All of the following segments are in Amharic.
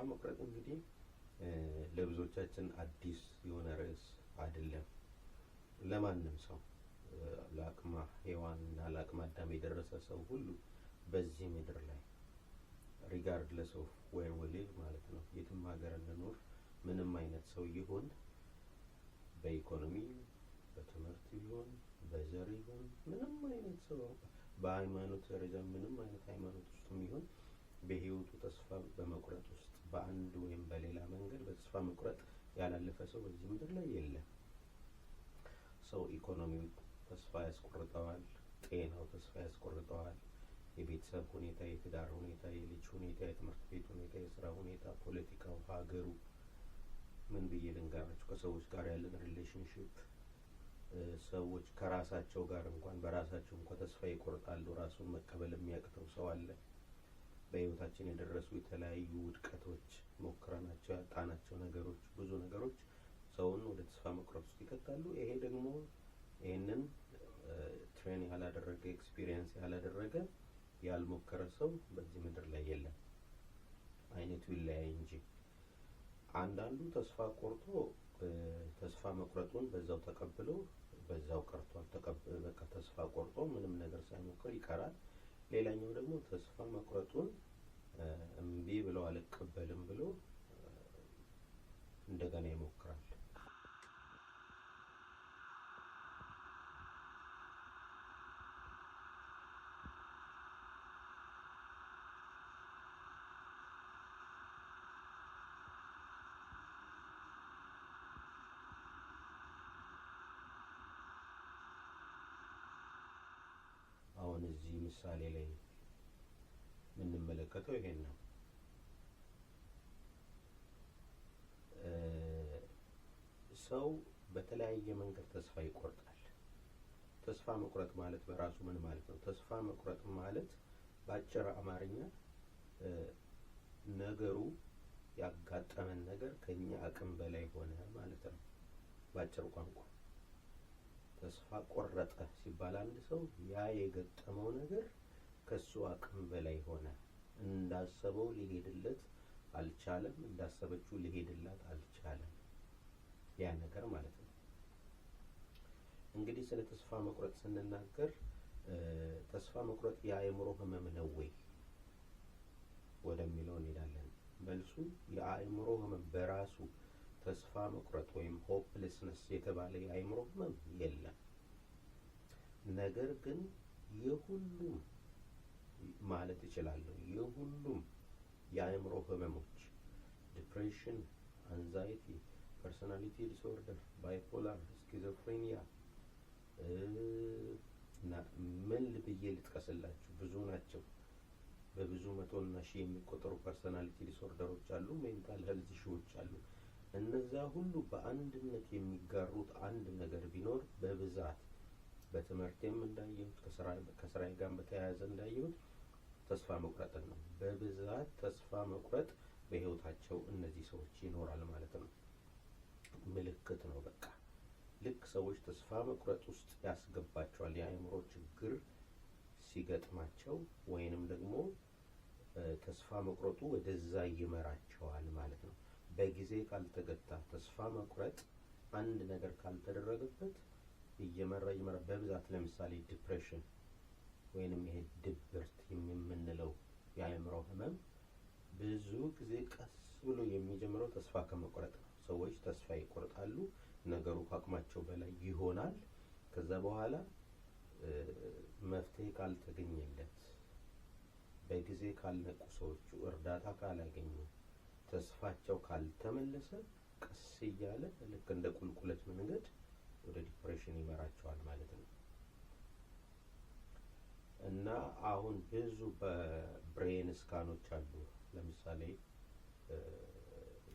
ተስፋ መቁረጥ እንግዲህ ለብዙዎቻችን አዲስ የሆነ ርዕስ አይደለም። ለማንም ሰው ለአቅመ ሔዋንና ለአቅማ አዳም የደረሰ ሰው ሁሉ በዚህ ምድር ላይ ሪጋርድ ለሰው ዌር ዊ ማለት ነው፣ የትም ሀገር እንኖር ምንም አይነት ሰው ይሆን በኢኮኖሚ በትምህርት ይሆን በዘር ይሆን ምንም አይነት ሰው በሃይማኖት ደረጃ ምንም አይነት ሃይማኖት ውስጥም ይሆን በህይወቱ ተስፋ በመቁረጥ ውስጥ በአንድ ወይም በሌላ መንገድ በተስፋ መቁረጥ ያላለፈ ሰው በዚህ ምድር ላይ የለም። ሰው ኢኮኖሚው ተስፋ ያስቆርጠዋል። ጤናው ተስፋ ያስቆርጠዋል። የቤተሰብ ሁኔታ፣ የትዳር ሁኔታ፣ የልጅ ሁኔታ፣ የትምህርት ቤት ሁኔታ፣ የስራ ሁኔታ፣ ፖለቲካው፣ ሀገሩ ምን ብዬ ልንገራችሁ? ከሰዎች ጋር ያለን ሪሌሽንሽፕ ሰዎች ከራሳቸው ጋር እንኳን በራሳቸው እንኳ ተስፋ ይቆርጣሉ። ራሱን መቀበል የሚያቅተው ሰው አለ። በህይወታችን የደረሱ የተለያዩ ውድቀቶች ሞክረናቸው ያጣናቸው ነገሮች ብዙ ነገሮች ሰውን ወደ ተስፋ መቁረጥ ውስጥ ይከታሉ። ይሄ ደግሞ ይህንን ትሬን ያላደረገ ኤክስፒሪየንስ ያላደረገ ያልሞከረ ሰው በዚህ ምድር ላይ የለም። አይነቱ ይለያይ እንጂ አንዳንዱ ተስፋ ቆርጦ ተስፋ መቁረጡን በዛው ተቀብሎ በዛው ቀርቷል። በቃ ተስፋ ቆርጦ ምንም ነገር ሳይሞክር ይቀራል። ሌላኛው ደግሞ ተስፋ መቁረጡን እምቢ ብሎ አልቀበልም ብሎ እንደገና ይሞክራል። ምሳሌ ላይ የምንመለከተው ይሄን ነው። ሰው በተለያየ መንገድ ተስፋ ይቆርጣል። ተስፋ መቁረጥ ማለት በራሱ ምን ማለት ነው? ተስፋ መቁረጥ ማለት በአጭር አማርኛ ነገሩ ያጋጠመን ነገር ከኛ አቅም በላይ ሆነ ማለት ነው፣ በአጭር ቋንቋ ተስፋ ቆረጠ ሲባል አንድ ሰው ያ የገጠመው ነገር ከሱ አቅም በላይ ሆነ፣ እንዳሰበው ሊሄድለት አልቻለም፣ እንዳሰበችው ሊሄድላት አልቻለም። ያ ነገር ማለት ነው። እንግዲህ ስለ ተስፋ መቁረጥ ስንናገር ተስፋ መቁረጥ የአእምሮ ህመም ነው ወይ ወደሚለው እንሄዳለን። መልሱ የአእምሮ ህመም በራሱ ተስፋ መቁረጥ ወይም ሆፕለስነስ የተባለ የአእምሮ ህመም የለም። ነገር ግን የሁሉም ማለት እችላለሁ የሁሉም የአእምሮ ህመሞች ዲፕሬሽን፣ አንዛይቲ፣ ፐርሶናሊቲ ዲስኦርደር፣ ባይፖላር፣ ስኪዞፍሬኒያ እና ምን ብዬ ልጥቀስላችሁ ብዙ ናቸው። በብዙ መቶና ሺህ የሚቆጠሩ ፐርሶናሊቲ ዲስኦርደሮች አሉ። ሜንታል ሄልዝ ሺዎች አሉ። እነዚያ ሁሉ በአንድነት የሚጋሩት አንድ ነገር ቢኖር በብዛት በትምህርቴም እንዳየሁት ከስራዬ ጋር በተያያዘ እንዳየሁት ተስፋ መቁረጥን ነው። በብዛት ተስፋ መቁረጥ በህይወታቸው እነዚህ ሰዎች ይኖራል ማለት ነው። ምልክት ነው። በቃ ልክ ሰዎች ተስፋ መቁረጥ ውስጥ ያስገባቸዋል። የአእምሮ ችግር ሲገጥማቸው ወይንም ደግሞ ተስፋ መቁረጡ ወደዛ ይመራቸዋል ማለት ነው። በጊዜ ካልተገታ ተስፋ መቁረጥ አንድ ነገር ካልተደረገበት እየመራ እየመራ በብዛት ለምሳሌ ዲፕሬሽን ወይንም ይሄ ድብርት የምንለው የአእምሮ ህመም ብዙ ጊዜ ቀስ ብሎ የሚጀምረው ተስፋ ከመቁረጥ ነው። ሰዎች ተስፋ ይቆርጣሉ። ነገሩ ከአቅማቸው በላይ ይሆናል። ከዛ በኋላ መፍትሄ ካልተገኘለት፣ በጊዜ ካልነቁ ሰዎቹ እርዳታ ካላገኙ ተስፋቸው ካልተመለሰ ቀስ እያለ ልክ እንደ ቁልቁለት መንገድ ወደ ዲፕሬሽን ይመራቸዋል ማለት ነው። እና አሁን ብዙ በብሬን ስካኖች አሉ። ለምሳሌ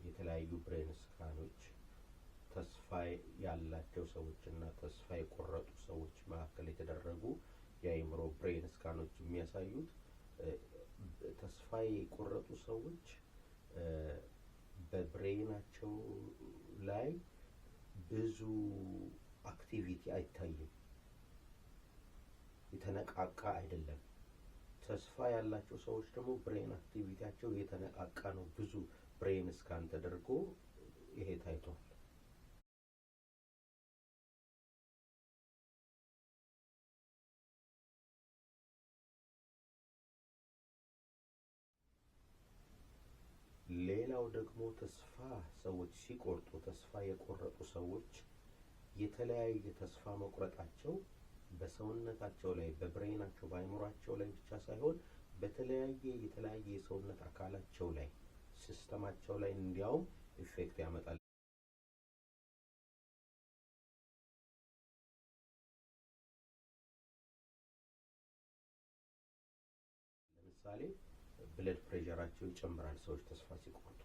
የተለያዩ ብሬን ስካኖች ተስፋ ያላቸው ሰዎች እና ተስፋ የቆረጡ ሰዎች መካከል የተደረጉ የአይምሮ ብሬን ስካኖች የሚያሳዩት ተስፋ የቆረጡ ሰዎች በብሬናቸው ላይ ብዙ አክቲቪቲ አይታይም። የተነቃቃ አይደለም። ተስፋ ያላቸው ሰዎች ደግሞ ብሬን አክቲቪቲያቸው የተነቃቃ ነው። ብዙ ብሬን ስካን ተደርጎ ይሄ ታይቷል። ሌላው ደግሞ ተስፋ ሰዎች ሲቆርጡ ተስፋ የቆረጡ ሰዎች የተለያየ ተስፋ መቁረጣቸው በሰውነታቸው ላይ በብሬናቸው በአይምሯቸው ላይ ብቻ ሳይሆን በተለያየ የተለያየ የሰውነት አካላቸው ላይ ሲስተማቸው ላይ እንዲያውም ኢፌክት ያመጣል። ለምሳሌ ብለድ ፕሬሸራቸው ይጨምራል ሰዎች ተስፋ ሲቆርጡ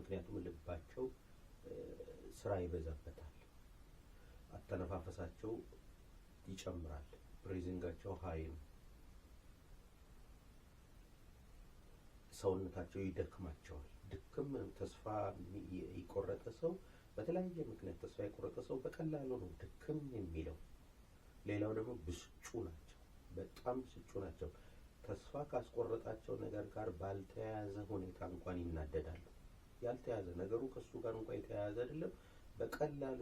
ምክንያቱም ልባቸው ስራ ይበዛበታል፣ አተነፋፈሳቸው ይጨምራል፣ ብሬዚንጋቸው ሀይ ነው፣ ሰውነታቸው ይደክማቸዋል። ድክም ተስፋ የቆረጠ ሰው በተለያየ ምክንያት ተስፋ የቆረጠ ሰው በቀላሉ ነው ድክም የሚለው። ሌላው ደግሞ ብስጩ ናቸው፣ በጣም ብስጩ ናቸው። ተስፋ ካስቆረጣቸው ነገር ጋር ባልተያያዘ ሁኔታ እንኳን ይናደዳሉ። ያልተያዘ ነገሩ ከሱ ጋር እንኳ የተያያዘ አይደለም። በቀላሉ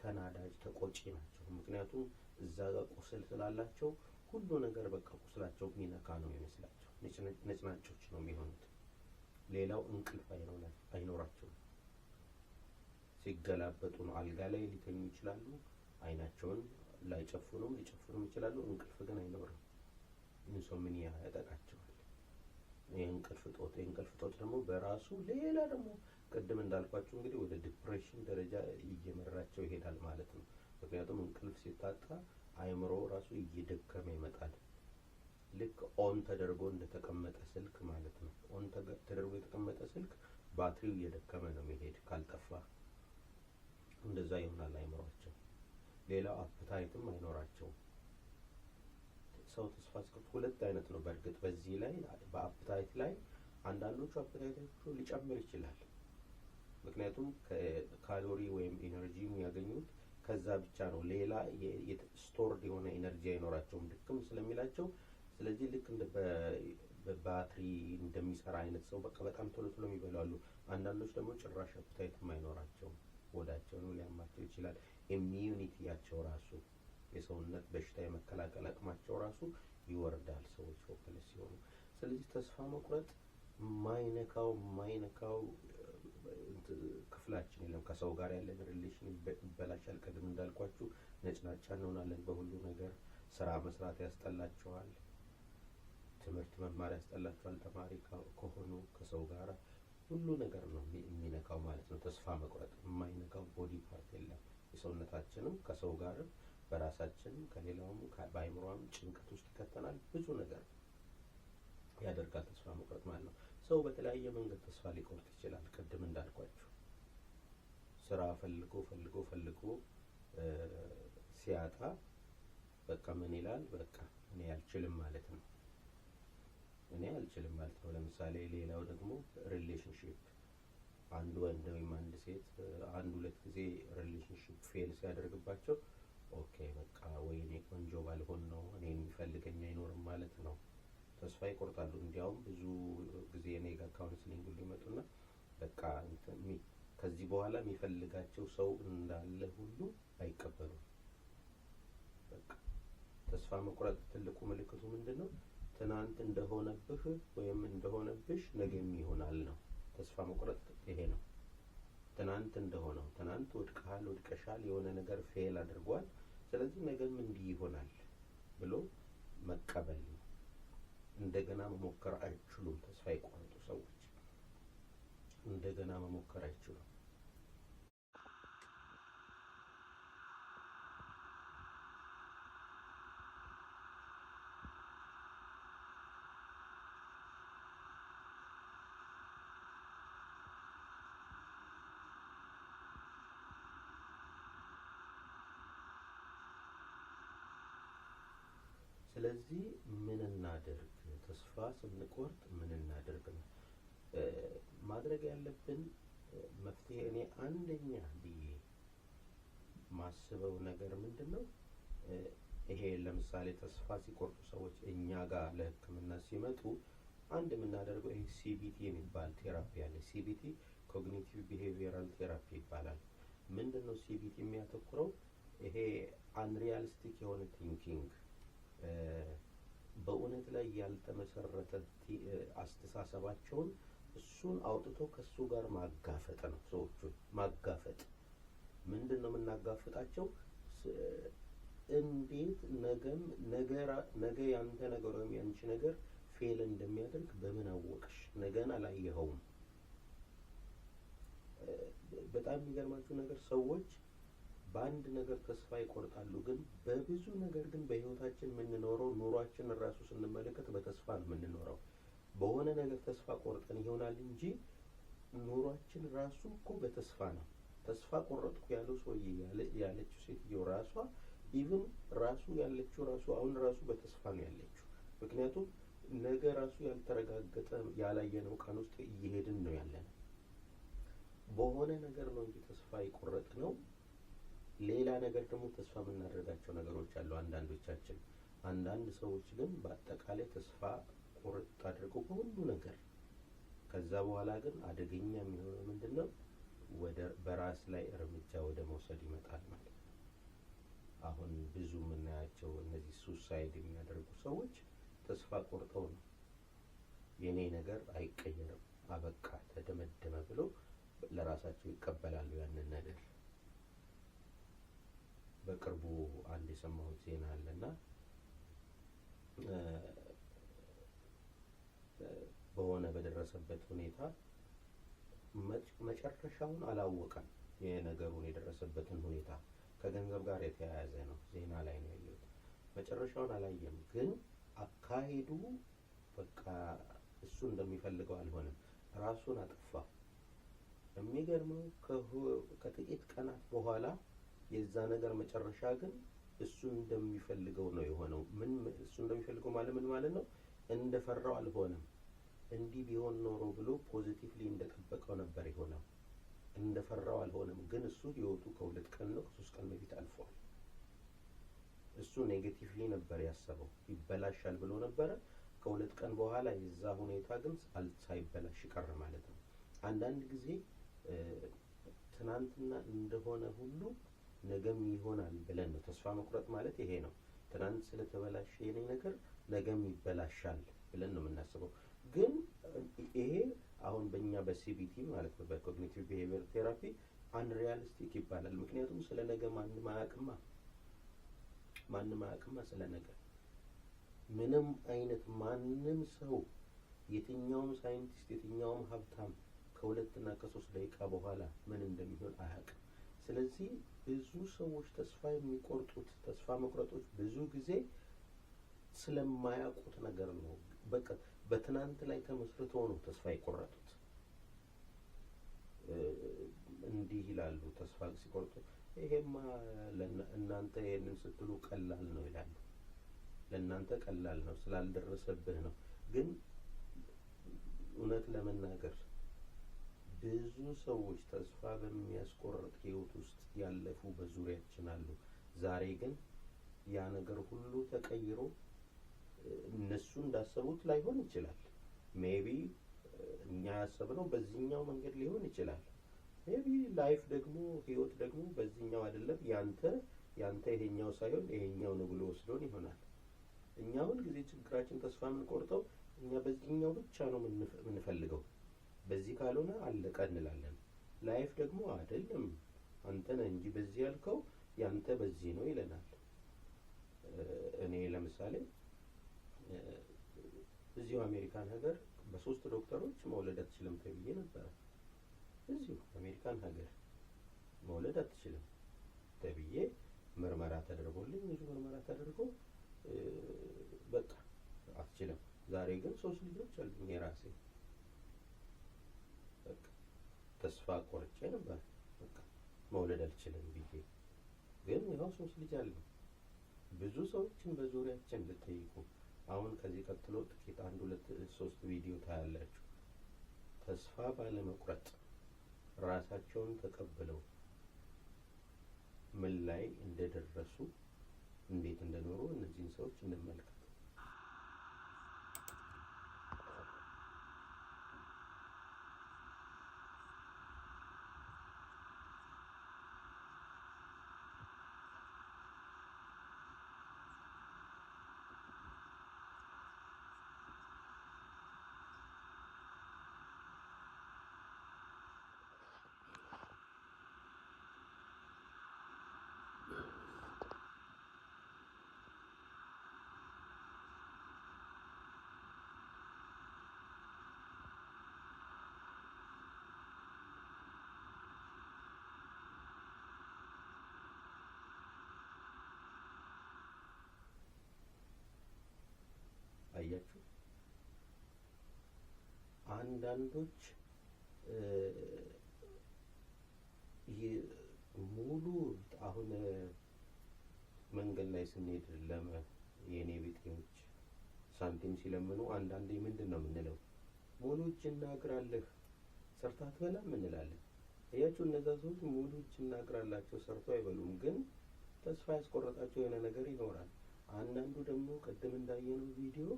ተናዳጅ ተቆጪ ናቸው። ምክንያቱም እዛ ጋር ቁስል ስላላቸው ሁሉ ነገር በቃ ቁስላቸው ሚነካ ነው ይመስላቸው፣ ነጭናጮች ነው የሚሆኑት። ሌላው እንቅልፍ አይኖራቸውም። ሲገላበጡ ነው። አልጋ ላይ ሊተኙ ይችላሉ። አይናቸውን ላይጨፍኑም ሊጨፍኑም ይችላሉ። እንቅልፍ ግን አይኖርም። ኢንሶምኒያ ያጠቃቸው የእንቅልፍ ጦት የእንቅልፍ ጦት ደግሞ በራሱ ሌላ ደግሞ ቅድም እንዳልኳችሁ እንግዲህ ወደ ዲፕሬሽን ደረጃ እየመራቸው ይሄዳል ማለት ነው። ምክንያቱም እንቅልፍ ሲታጣ አይምሮ ራሱ እየደከመ ይመጣል። ልክ ኦን ተደርጎ እንደተቀመጠ ስልክ ማለት ነው። ኦን ተደርጎ የተቀመጠ ስልክ ባትሪው እየደከመ ነው መሄድ ካልጠፋ እንደዛ ይሆናል አይምሯቸው። ሌላው አፕታይትም አይኖራቸውም። ሰው ተስፋ አስቆርጦ ሁለት አይነት ነው። በእርግጥ በዚህ ላይ በአፕታይት ላይ አንዳንዶቹ አፕታይታቸው ሊጨምር ይችላል። ምክንያቱም ካሎሪ ወይም ኢነርጂ የሚያገኙት ከዛ ብቻ ነው። ሌላ ስቶርድ የሆነ ኢነርጂ አይኖራቸውም ድክም ስለሚላቸው። ስለዚህ ልክ እንደ በባትሪ እንደሚሰራ አይነት ሰው በቃ በጣም ቶሎ ቶሎ ይበላሉ። አንዳንዶች ደግሞ ጭራሽ አፕታይት የማይኖራቸው ወዳቸው ነው ሊያማቸው ይችላል። ኢሚዩኒቲያቸው ራሱ የሰውነት በሽታ የመከላከል አቅማቸው ራሱ ይወርዳል ሰዎች ሆፕለስ ሲሆኑ። ስለዚህ ተስፋ መቁረጥ ማይነካው ማይነካው ክፍላችን የለም። ከሰው ጋር ያለን ሪሌሽን ይበላሻል። ቀድም እንዳልኳችሁ ነጭናጫ እንሆናለን በሁሉ ነገር። ስራ መስራት ያስጠላቸዋል። ትምህርት መማር ያስጠላቸዋል። ተማሪ ከሆኑ ከሰው ጋር ሁሉ ነገር ነው የሚነካው ማለት ነው። ተስፋ መቁረጥ የማይነካው ቦዲ ፓርት የለም። የሰውነታችንም ከሰው ጋርም በራሳችን ከሌላውም በአይምሯም ጭንቀት ውስጥ ይከተናል። ብዙ ነገር ያደርጋል። ተስፋ መቁረጥ ማለት ነው። ሰው በተለያየ መንገድ ተስፋ ሊቆርጥ ይችላል። ቅድም እንዳልኳችሁ ስራ ፈልጎ ፈልጎ ፈልጎ ሲያጣ በቃ ምን ይላል? በቃ እኔ አልችልም ማለት ነው። እኔ አልችልም ማለት ነው። ለምሳሌ ሌላው ደግሞ ሪሌሽንሽፕ አንድ ወንድ ወይም አንድ ሴት አንድ ሁለት ጊዜ ሪሌሽንሽፕ ፌል ሲያደርግባቸው ኦኬ በቃ ወይ እኔ ቆንጆ ባልሆን ነው እኔ የሚፈልገኝ አይኖርም ማለት ነው። ተስፋ ይቆርጣሉ። እንዲያውም ብዙ ጊዜ እኔ ጋር ካውንስሊንግ ሁሉ በቃ ከዚህ በኋላ የሚፈልጋቸው ሰው እንዳለ ሁሉ አይቀበሉም። በቃ ተስፋ መቁረጥ ትልቁ ምልክቱ ምንድን ነው? ትናንት እንደሆነብህ ወይም እንደሆነብሽ ነገም ይሆናል ነው። ተስፋ መቁረጥ ይሄ ነው። ትናንት እንደሆነው ትናንት ወድቀሃል፣ ወድቀሻል፣ የሆነ ነገር ፌል አድርጓል፣ ስለዚህ ነገም እንዲህ ይሆናል ብሎ መቀበል ነው። እንደገና መሞከር አይችሉም። ተስፋ የቆረጡ ሰዎች እንደገና መሞከር አይችሉም። ስለዚህ ምን እናድርግ፣ ተስፋ ስንቆርጥ ምን እናድርግ ነው ማድረግ ያለብን። መፍትሄ እኔ አንደኛ ብዬ ማስበው ነገር ምንድን ነው? ይሄ ለምሳሌ ተስፋ ሲቆርጡ ሰዎች እኛ ጋር ለሕክምና ሲመጡ አንድ የምናደርገው ይሄ ሲቢቲ የሚባል ቴራፒ አለ። ሲቢቲ ኮግኒቲቭ ቢሄቪየራል ቴራፒ ይባላል። ምንድን ነው ሲቢቲ የሚያተኩረው? ይሄ አንሪያሊስቲክ የሆነ ቲንኪንግ በእውነት ላይ ያልተመሰረተ አስተሳሰባቸውን እሱን አውጥቶ ከሱ ጋር ማጋፈጥ ነው። ሰዎቹን ማጋፈጥ ምንድን ነው የምናጋፍጣቸው? እንዴት ነገም ነገ ያንተ ነገር ወይም ያንቺ ነገር ፌል እንደሚያደርግ በምን አወቅሽ? ነገን አላየኸውም። በጣም የሚገርማችሁ ነገር ሰዎች በአንድ ነገር ተስፋ ይቆርጣሉ። ግን በብዙ ነገር ግን በህይወታችን የምንኖረው ኑሯችን ራሱ ስንመለከት በተስፋ ነው የምንኖረው። በሆነ ነገር ተስፋ ቆርጠን ይሆናል እንጂ ኑሯችን ራሱ እኮ በተስፋ ነው። ተስፋ ቆረጥኩ ያለው ሰውዬ ያለችው ሴትዮ ራሷ ኢቭን ራሱ ያለችው ራሱ አሁን ራሱ በተስፋ ነው ያለችው። ምክንያቱም ነገ ራሱ ያልተረጋገጠ ያላየነው ቀን ውስጥ እየሄድን ነው ያለነው። በሆነ ነገር ነው እንጂ ተስፋ የቆረጥ ነው ሌላ ነገር ደግሞ ተስፋ የምናደርጋቸው ነገሮች አሉ። አንዳንዶቻችን አንዳንድ ሰዎች ግን በአጠቃላይ ተስፋ ቁርጥ አድርገው በሁሉ ነገር ከዛ በኋላ ግን አደገኛ የሚሆነው ምንድን ነው? ወደ በራስ ላይ እርምጃ ወደ መውሰድ ይመጣል ማለት ነው። አሁን ብዙ የምናያቸው እነዚህ ሱሳይድ የሚያደርጉ ሰዎች ተስፋ ቆርጠው ነው የኔ ነገር አይቀየርም፣ አበቃ፣ ተደመደመ ብሎ ለራሳቸው ይቀበላሉ ያንን ነገር በቅርቡ አንድ የሰማሁት ዜና አለና በሆነ በደረሰበት ሁኔታ መጨረሻውን አላወቀም። የነገሩን የደረሰበትን ሁኔታ ከገንዘብ ጋር የተያያዘ ነው። ዜና ላይ ነው ያየሁት። መጨረሻውን አላየም፣ ግን አካሄዱ በቃ እሱ እንደሚፈልገው አልሆነም። ራሱን አጠፋ። የሚገርመው ከጥቂት ቀናት በኋላ የዛ ነገር መጨረሻ ግን እሱ እንደሚፈልገው ነው የሆነው። ምን እሱ እንደሚፈልገው ማለት ምን ማለት ነው? እንደፈራው አልሆነም። እንዲህ ቢሆን ኖሮ ብሎ ፖዚቲቭሊ እንደጠበቀው ነበር የሆነው። እንደፈራው አልሆነም። ግን እሱ ህይወቱ ከሁለት ቀን ነው ከሶስት ቀን በፊት አልፏል። እሱ ኔጌቲቭሊ ነበር ያሰበው፣ ይበላሻል ብሎ ነበረ። ከሁለት ቀን በኋላ የዛ ሁኔታ ግን ሳይበላሽ ቀረ ማለት ነው። አንዳንድ ጊዜ ትናንትና እንደሆነ ሁሉ ነገም ይሆናል ብለን ነው። ተስፋ መቁረጥ ማለት ይሄ ነው። ትናንት ስለተበላሸ የኔ ነገር ነገም ይበላሻል ብለን ነው የምናስበው። ግን ይሄ አሁን በእኛ በሲቢቲ ማለት ነው በኮግኒቲቭ ቢሄቪየር ቴራፒ አንሪያሊስቲክ ይባላል። ምክንያቱም ስለ ነገ ማንም አያውቅማ፣ ማንም አያውቅማ ስለ ነገ ምንም አይነት ማንም ሰው የትኛውም ሳይንቲስት የትኛውም ሀብታም ከሁለትና ከሶስት ደቂቃ በኋላ ምን እንደሚሆን አያውቅም። ስለዚህ ብዙ ሰዎች ተስፋ የሚቆርጡት ተስፋ መቁረጦች ብዙ ጊዜ ስለማያውቁት ነገር ነው። በቃ በትናንት ላይ ተመስርተው ነው ተስፋ የቆረጡት። እንዲህ ይላሉ ተስፋ ሲቆርጡ፣ ይሄማ እናንተ ይሄንን ስትሉ ቀላል ነው ይላሉ። ለእናንተ ቀላል ነው ስላልደረሰብህ ነው። ግን እውነት ለመናገር ብዙ ሰዎች ተስፋ በሚያስቆርጥ ህይወት ውስጥ ያለፉ በዙሪያችን አሉ። ዛሬ ግን ያ ነገር ሁሉ ተቀይሮ እነሱ እንዳሰቡት ላይሆን ይችላል። ሜቢ እኛ ያሰብነው በዚህኛው መንገድ ሊሆን ይችላል። ሜቢ ላይፍ ደግሞ ህይወት ደግሞ በዚህኛው አይደለም፣ ያንተ ያንተ ይሄኛው ሳይሆን ይሄኛው ነው ብሎ ወስዶን ይሆናል። እኛ ሁልጊዜ ችግራችን ተስፋ የምንቆርጠው እኛ በዚህኛው ብቻ ነው የምንፈልገው በዚህ ካልሆነ አለቀ እንላለን። ላይፍ ደግሞ አይደለም አንተ ነህ እንጂ በዚህ ያልከው ያንተ በዚህ ነው ይለናል። እኔ ለምሳሌ እዚሁ አሜሪካን ሀገር በሶስት ዶክተሮች መውለድ አትችልም ተብዬ ነበረ። እዚሁ አሜሪካን ሀገር መውለድ አትችልም ተብዬ ምርመራ ተደርጎልኝ ብዙ ምርመራ ተደርጎ በቃ አትችልም። ዛሬ ግን ሶስት ልጆች አሉኝ የራሴ ተስፋ ቆርጬ ነበር። መውለድ አልችልም ብዬ ግን ያው ሶስት ልጅ አለው። ብዙ ሰዎችን በዙሪያችን ብትጠይቁ አሁን ከዚህ ቀጥሎ ጥቂት አንድ ሁለት ሶስት ቪዲዮ ታያላችሁ። ተስፋ ባለመቁረጥ ራሳቸውን ተቀብለው ምን ላይ እንደደረሱ እንዴት እንደኖሩ እነዚህን ሰዎች እንመልከት። አንዳንዶች ሙሉ አሁን መንገድ ላይ ስንሄድ ለመ የእኔ ቤጤዎች ሳንቲም ሲለምኑ አንዳንዴ ምንድን ነው የምንለው? ሙሉ እጅ እና እግር አለህ ሰርተህ እያችሁ እነዛ ሰዎች ሙሉ እጅ እና ሰርተው አይበሉም፣ ግን ተስፋ ያስቆረጣቸው የሆነ ነገር ይኖራል። አንዳንዱ ደግሞ ቅድም እንዳየነው ቪዲዮ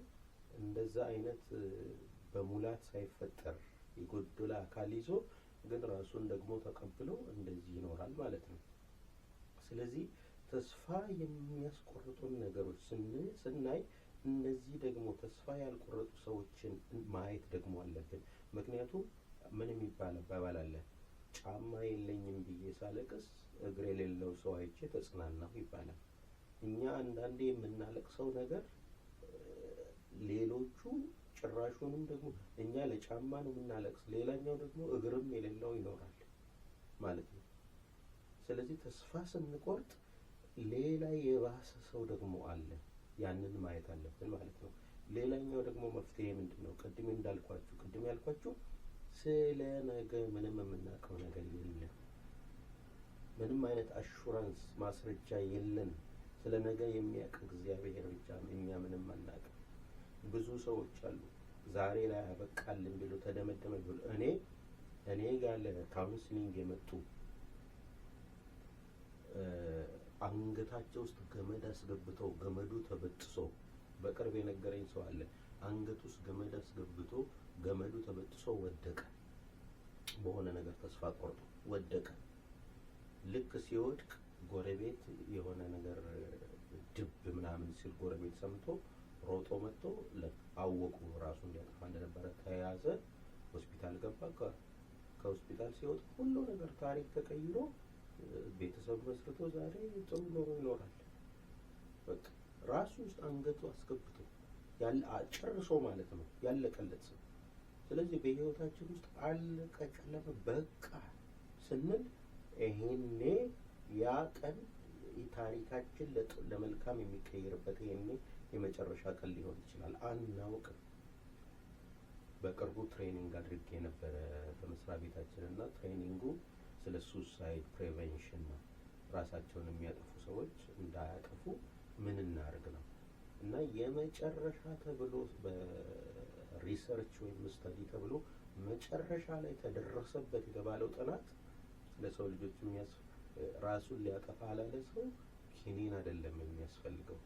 እንደዛ አይነት በሙላት ሳይፈጠር የጎደለ አካል ይዞ ግን ራሱን ደግሞ ተቀብሎ እንደዚህ ይኖራል ማለት ነው። ስለዚህ ተስፋ የሚያስቆርጡን ነገሮች ስናይ እነዚህ ደግሞ ተስፋ ያልቆረጡ ሰዎችን ማየት ደግሞ አለብን። ምክንያቱም ምን የሚባል አባባል አለ፣ ጫማ የለኝም ብዬ ሳለቅስ እግር የሌለው ሰው አይቼ ተጽናናሁ ይባላል። እኛ አንዳንዴ የምናለቅሰው ነገር ሌሎቹ ጭራሹንም ደግሞ እኛ ለጫማ ነው የምናለቅስ፣ ሌላኛው ደግሞ እግርም የሌለው ይኖራል ማለት ነው። ስለዚህ ተስፋ ስንቆርጥ ሌላ የባሰ ሰው ደግሞ አለ፣ ያንን ማየት አለብን ማለት ነው። ሌላኛው ደግሞ መፍትሄ ምንድን ነው? ቅድም እንዳልኳችሁ ቅድም ያልኳችሁ ስለ ነገ ምንም የምናውቀው ነገር የለም። ምንም አይነት አሹራንስ ማስረጃ የለን። ስለ ነገ የሚያውቅ እግዚአብሔር ብቻ፣ እኛ ምንም አናውቅም። ብዙ ሰዎች አሉ ዛሬ ላይ አበቃልን ብሎ ተደመደመ ብሎ እኔ እኔ ጋር ካውንስሊንግ የመጡ አንገታቸው ውስጥ ገመድ አስገብተው ገመዱ ተበጥሶ በቅርብ የነገረኝ ሰው አለ። አንገቱ ውስጥ ገመድ አስገብቶ ገመዱ ተበጥሶ ወደቀ። በሆነ ነገር ተስፋ ቆርጦ ወደቀ። ልክ ሲወድቅ ጎረቤት የሆነ ነገር ድብ ምናምን ሲል ጎረቤት ሰምቶ ሮጦ መጥቶ አወቁ ራሱ እንዲያጠፋ እንደነበረ ተያዘ፣ ሆስፒታል ገባ። ከሆስፒታል ሲወጣ ሁሉ ነገር ታሪክ ተቀይሮ ቤተሰብ መስርቶ ዛሬ ጥሩ ኖሮ ይኖራል። በቃ ራሱ ውስጥ አንገቱ አስገብቶ ጨርሶ ማለት ነው ያለቀለት ሰው። ስለዚህ በህይወታችን ውስጥ አለቀ፣ ጨለመ፣ በቃ ስንል ይሄኔ ያ ቀን ታሪካችን ለመልካም የሚቀየርበት ይሄኔ የመጨረሻ ቀን ሊሆን ይችላል፣ አናውቅም። በቅርቡ ትሬኒንግ አድርጌ የነበረ በመስሪያ ቤታችን እና ትሬኒንጉ ስለ ሱሳይድ ፕሬቨንሽን ነው። ራሳቸውን የሚያጠፉ ሰዎች እንዳያጠፉ ምን እናርግ ነው እና የመጨረሻ ተብሎ በሪሰርች ወይም ስተዲ ተብሎ መጨረሻ ላይ ተደረሰበት የተባለው ጥናት ለሰው ልጆች ራሱን ሊያጠፋ ላለ ሰው ኪኒን አይደለም የሚያስፈልገው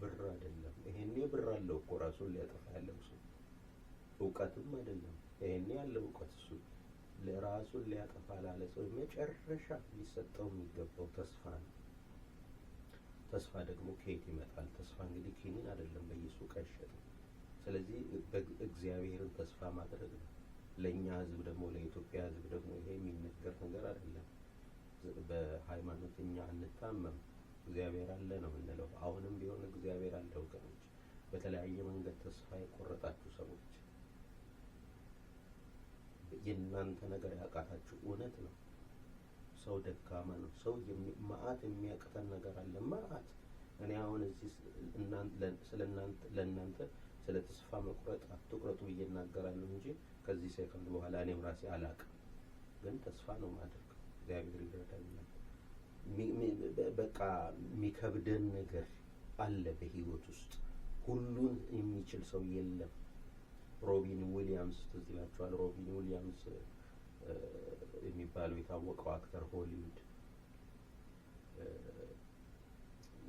ብር አይደለም። ይሄኔ ብር አለው እኮ ራሱን ሊያጠፋ ያለው ሰው እውቀትም አይደለም። ይሄኔ ያለው እውቀት እሱ ለራሱን ሊያጠፋ ላለ ሰው መጨረሻ ሊሰጠው የሚገባው ተስፋ ነው። ተስፋ ደግሞ ከየት ይመጣል? ተስፋ እንግዲህ ኪኒን አይደለም በየሱቅ አይሸጥም። ስለዚህ እግዚአብሔርን ተስፋ ማድረግ ነው። ለእኛ ህዝብ ደግሞ ለኢትዮጵያ ህዝብ ደግሞ ይሄ የሚነገር ነገር አይደለም። በሃይማኖት እኛ አንታመም። እግዚአብሔር አለ ነው የምንለው። አሁንም ቢሆን እግዚአብሔር አለ ወገኖች፣ በተለያየ መንገድ ተስፋ የቆረጣችሁ ሰዎች የእናንተ ነገር ያቃታችሁ እውነት ነው። ሰው ደካማ ነው። ሰው መዓት የሚያቅተን ነገር አለ። መዓት እኔ አሁን እዚህ ስለእናንተ ለእናንተ ስለ ተስፋ መቁረጥ አትቁረጡ ብዬ እናገራለሁ እንጂ ከዚህ ሴኮንድ በኋላ እኔም ራሴ አላቅም። ግን ተስፋ ነው ማድረግ እግዚአብሔር ይረዳኛል። በቃ የሚከብደን ነገር አለ በህይወት ውስጥ። ሁሉን የሚችል ሰው የለም። ሮቢን ዊሊያምስ ትዝ ይላችኋል? ሮቢን ዊሊያምስ የሚባለው የታወቀው አክተር ሆሊውድ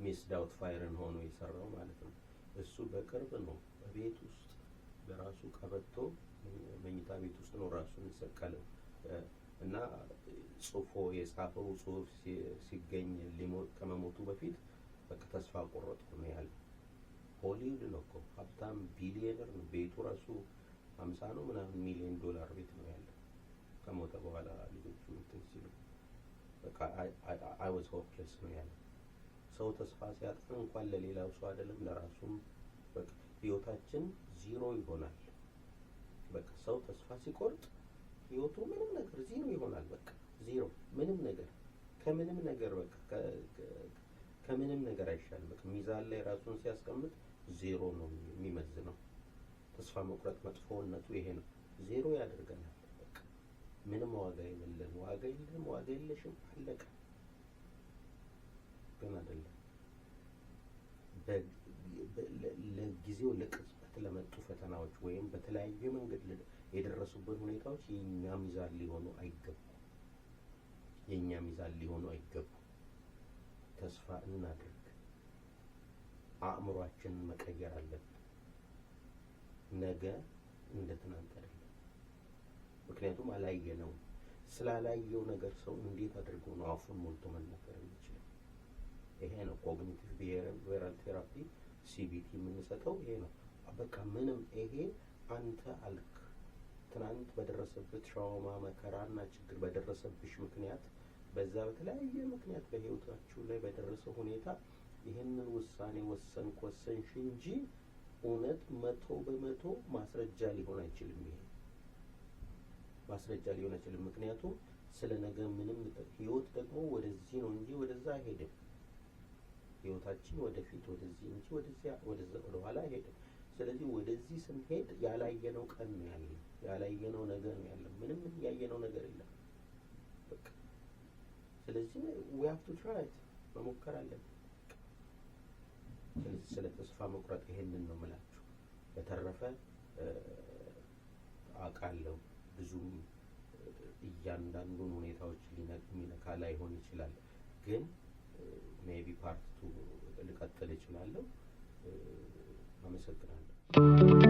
ሚስ ዳውት ፋይርን ሆኖ የሰራው ማለት ነው። እሱ በቅርብ ነው በቤት ውስጥ በራሱ ቀበቶ መኝታ ቤት ውስጥ ነው ራሱን የሰቀለው። እና ጽፎ የጻፈው ጽሁፍ ሲገኝ ሊሞት ከመሞቱ በፊት በቃ ተስፋ ቆረጥኩ ነው ያለ። ሆሊውድ ነው እኮ ሀብታም ቢሊየነር ነው። ቤቱ ራሱ ሀምሳ ነው ምናምን ሚሊዮን ዶላር ቤት ነው ያለ። ከሞተ በኋላ ልጆቹ እንትን ሲሉ በቃ አይ ሆፕለስ ነው ያለ። ሰው ተስፋ ሲያጣ እንኳን ለሌላው ሰው አይደለም ለራሱም በቃ ህይወታችን ዚሮ ይሆናል። በቃ ሰው ተስፋ ሲቆርጥ ህይወቱ ምንም ነገር ዜሮ ይሆናል። በቃ ዜሮ ምንም ነገር ከምንም ነገር በቃ ከምንም ነገር አይሻልም። በቃ ሚዛን ላይ ራሱን ሲያስቀምጥ ዜሮ ነው የሚመዝነው። ተስፋ መቁረጥ መጥፎነቱ ይሄ ነው። ዜሮ ያደርገናል። በቃ ምንም ዋጋ የለም። ዋጋ የለም። ዋጋ የለሽም። አለቀ። ግን አይደለም ለጊዜው ለቅጽበት ለመጡ ፈተናዎች ወይም በተለያየ መንገድ የደረሱበት ሁኔታዎች የእኛ ሚዛን ሊሆኑ አይገቡ የእኛ ሚዛን ሊሆኑ አይገቡ። ተስፋ እናድርግ። አእምሯችንን መቀየር አለብን። ነገ እንደ ትናንት አይደለም። ምክንያቱም አላየነው። ስላላየው ነገር ሰው እንዴት አድርጎ ነው አፉን ሞልቶ መናገር የሚችለው? ይሄ ነው ኮግኒቲቭ ቢሄራል ቴራፒ ሲቢቲ የምንሰጠው ይሄ ነው። በቃ ምንም ይሄ አንተ አልክ ትናንት በደረሰበት ሻወማ መከራና ችግር በደረሰብሽ ምክንያት በዛ በተለያየ ምክንያት በህይወታችሁ ላይ በደረሰ ሁኔታ ይህንን ውሳኔ ወሰንክ ወሰንሽ እንጂ እውነት መቶ በመቶ ማስረጃ ሊሆን አይችልም። ይሄ ማስረጃ ሊሆን አይችልም። ምክንያቱም ስለ ነገ ምንም ህይወት ደግሞ ወደዚህ ነው እንጂ ወደዛ አይሄድም። ህይወታችን ወደፊት ወደዚህ እንጂ ወደዚያ ወደዛ ወደኋላ አይሄድም። ስለዚህ ወደዚህ ስንሄድ ያላየነው ቀን ነው ያለ፣ ያላየነው ነገር ነው ያለ። ምንም ያየነው ነገር የለም። ስለዚህ we have to try መሞከር አለብን። ስለዚህ ስለ ተስፋ መቁረጥ ይሄንን ነው የምላችሁ። በተረፈ አውቃለሁ ብዙም እያንዳንዱን ሁኔታዎች ሊነካ ላይሆን ይችላል፣ ግን ሜቢ ፓርቱ ልቀጥል እችላለሁ። አመሰግናለሁ። Thank you.